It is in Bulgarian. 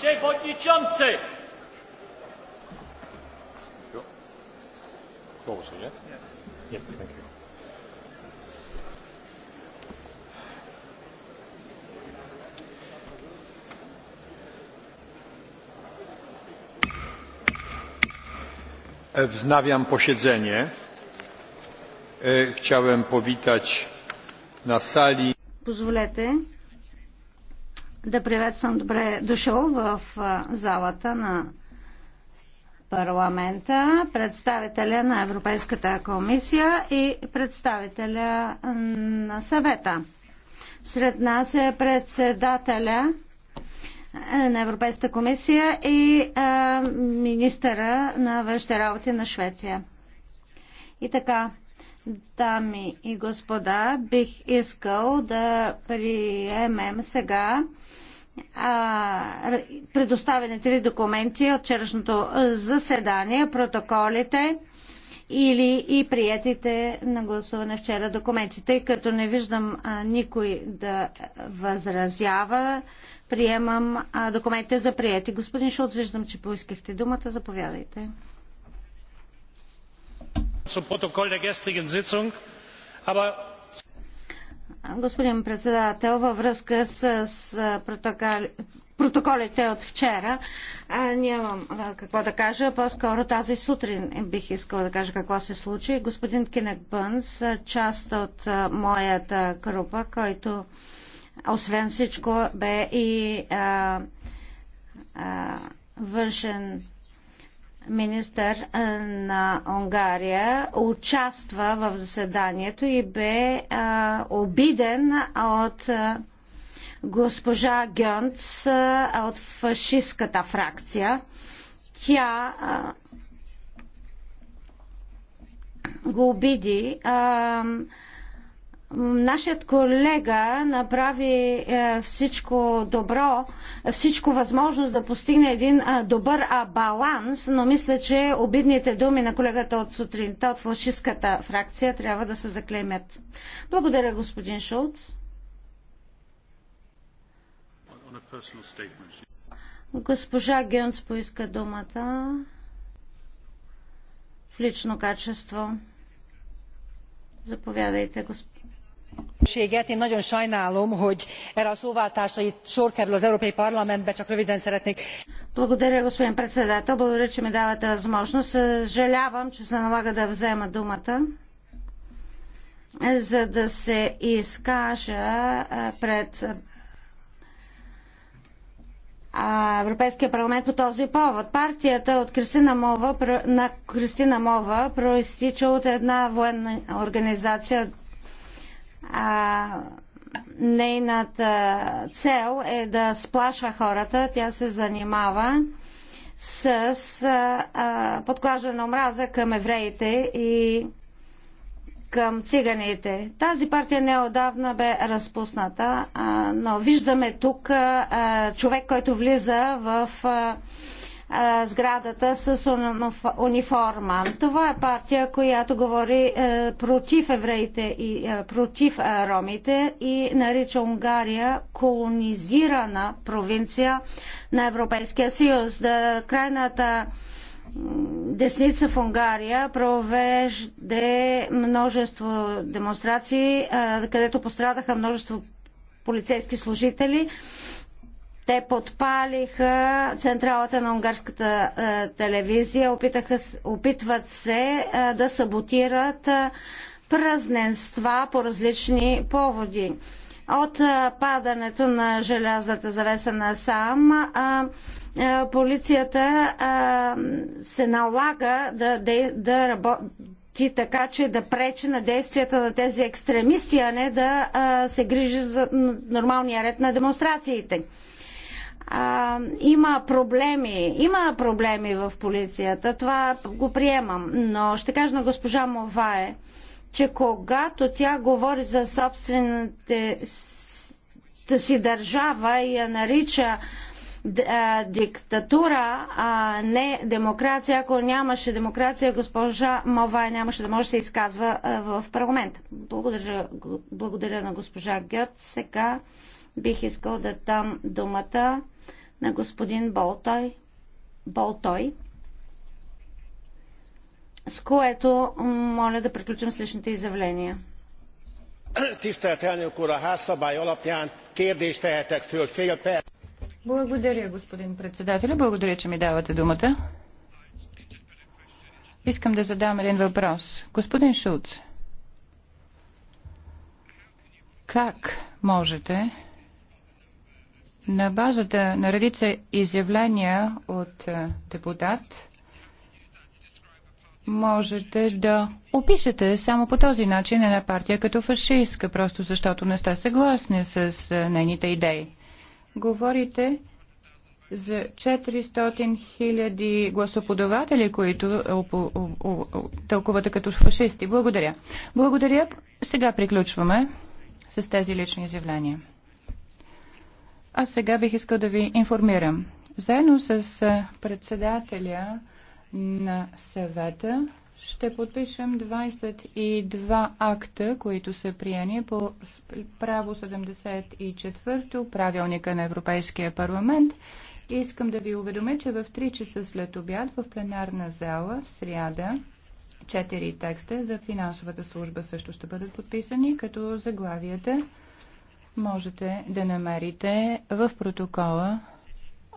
przewodniczący! Wznawiam posiedzenie. Chciałem powitać na sali. Pozwolę да приветствам добре дошъл в залата на парламента, представителя на Европейската комисия и представителя на съвета. Сред нас е председателя на Европейската комисия и министъра на външните работи на Швеция. И така, Дами и господа, бих искал да приемем сега а, предоставените ви документи от вчерашното заседание, протоколите или и приятите на гласуване вчера документи. Тъй като не виждам а, никой да възразява, приемам а, документите за прияти. Господин Шулц, виждам, че поискахте думата. Заповядайте zum Protokoll der gestrigen Sitzung. Aber Господин председател, във връзка с, с протоколите от вчера, а, нямам а, какво да кажа. По-скоро тази сутрин бих искала да кажа какво се случи. Господин Кинек Бънс, част от а, моята група, който освен всичко бе и а, а, външен министър на Унгария участва в заседанието и бе а, обиден от госпожа Гьонц от фашистската фракция. Тя а, го обиди. А, Нашият колега направи е, всичко добро, всичко възможност да постигне един е, добър баланс, но мисля, че обидните думи на колегата от сутринта от фашистската фракция трябва да се заклемят. Благодаря, господин Шулц. Госпожа Гюнц поиска думата в лично качество. Заповядайте, господин én nagyon sajnálom hogy erre a szóváltásra itt sor kerül az európai parlamentben csak röviden szeretnék. Благодаря, господин председател. Благодаря, че ми давате възможност. Съжалявам, че се налага да взема думата, за да се пред Европейския парламент по този повод. Партията от Кристина Мова, на Кристина Мова проистича от една военна организация нейната цел е да сплаша хората. Тя се занимава с а, подклаждане на омраза към евреите и към циганите. Тази партия неодавна бе разпусната, а, но виждаме тук а, човек, който влиза в а, сградата с униформа. Това е партия, която говори е, против евреите и е, против е, ромите и нарича Унгария колонизирана провинция на Европейския съюз. Да, крайната десница в Унгария провежде множество демонстрации, където пострадаха множество полицейски служители те подпалиха централата на унгарската е, телевизия, опитаха, опитват се е, да саботират е, празненства по различни поводи. От е, падането на желязната завеса на сам, е, е, полицията е, се налага да, да, да работи така, че да пречи на действията на тези екстремисти, а не да а, е, се грижи за нормалния ред на демонстрациите а, има проблеми. Има проблеми в полицията. Това го приемам. Но ще кажа на госпожа Мовае, че когато тя говори за собствената си държава и я нарича диктатура, а не демокрация. Ако нямаше демокрация, госпожа Мовай нямаше да може да се изказва в парламента. Благодаря, благодаря на госпожа Гьот. Сега бих искал да дам думата на господин Болтой, Болтой с което моля да приключим с личните изявления. Благодаря, господин председател. Благодаря, че ми давате думата. Искам да задам един въпрос. Господин Шуц, как можете на базата на редица изявления от е, депутат можете да опишете само по този начин една партия като фашистка, просто защото не сте съгласни с е, нейните идеи. Говорите за 400 хиляди гласоподаватели, които тълкувате като фашисти. Благодаря. Благодаря. Сега приключваме с тези лични изявления. Аз сега бих искал да ви информирам. Заедно с председателя на съвета ще подпишем 22 акта, които са приени по право 74 правилника на Европейския парламент. Искам да ви уведомя, че в 3 часа след обяд в пленарна зала в сряда четири текста за финансовата служба също ще бъдат подписани, като заглавията можете да намерите в протокола